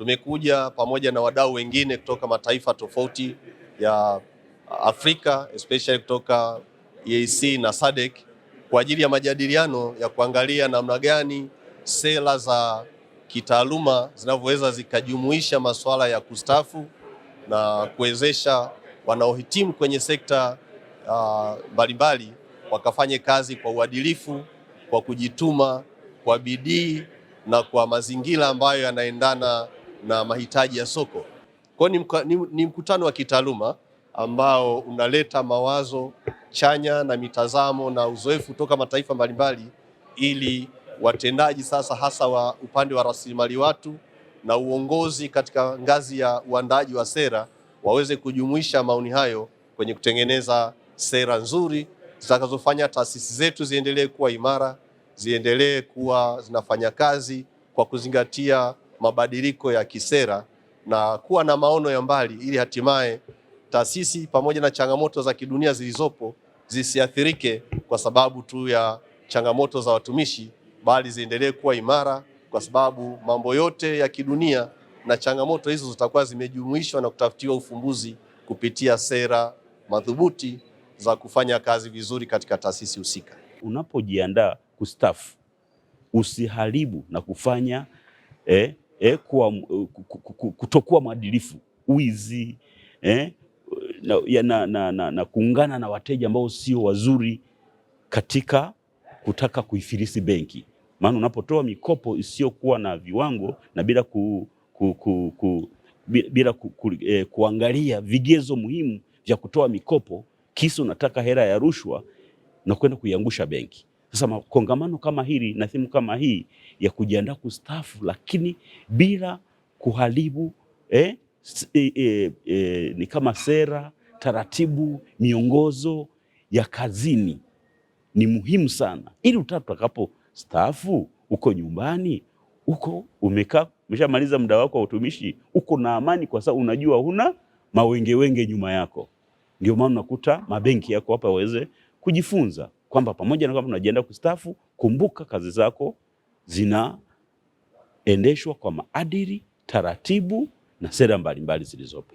Tumekuja pamoja na wadau wengine kutoka mataifa tofauti ya Afrika especially kutoka EAC na SADC kwa ajili ya majadiliano ya kuangalia namna gani sera za kitaaluma zinavyoweza zikajumuisha masuala ya kustafu na kuwezesha wanaohitimu kwenye sekta uh, mbalimbali uh, wakafanye kazi kwa uadilifu, kwa kujituma, kwa bidii na kwa mazingira ambayo yanaendana na mahitaji ya soko. Kwa hiyo ni mkutano wa kitaaluma ambao unaleta mawazo chanya na mitazamo na uzoefu toka mataifa mbalimbali ili watendaji sasa hasa wa upande wa rasilimali watu na uongozi katika ngazi ya uandaaji wa sera waweze kujumuisha maoni hayo kwenye kutengeneza sera nzuri zitakazofanya taasisi zetu ziendelee kuwa imara, ziendelee kuwa zinafanya kazi kwa kuzingatia mabadiliko ya kisera na kuwa na maono ya mbali ili hatimaye taasisi pamoja na changamoto za kidunia zilizopo zisiathirike kwa sababu tu ya changamoto za watumishi, bali ziendelee kuwa imara, kwa sababu mambo yote ya kidunia na changamoto hizo zitakuwa zimejumuishwa na kutafutiwa ufumbuzi kupitia sera madhubuti za kufanya kazi vizuri katika taasisi husika. Unapojiandaa kustafu usiharibu na kufanya eh, eh, kuwa, eh, kutokuwa mwadilifu, wizi eh, na, na, na, na, na kuungana na wateja ambao sio wazuri katika kutaka kuifilisi benki, maana unapotoa mikopo isiyokuwa na viwango na bila ku, ku, ku, ku, bila ku, ku, eh, kuangalia vigezo muhimu vya kutoa mikopo, kisa unataka hela ya rushwa na kwenda kuiangusha benki. Sasa kongamano kama hili na simu kama hii ya kujiandaa kustaafu, lakini bila kuharibu eh, eh, eh, eh, ni kama sera, taratibu, miongozo ya kazini ni muhimu sana, ili utakapo staafu uko nyumbani, uko umekaa umeshamaliza muda wako wa utumishi, uko na amani, kwa sababu unajua huna mawengewenge nyuma yako. Ndio maana unakuta mabenki yako hapa waweze kujifunza kwamba pamoja na kwamba unajiandaa kustafu, kumbuka kazi zako zinaendeshwa kwa maadili, taratibu na sera mbalimbali zilizopo.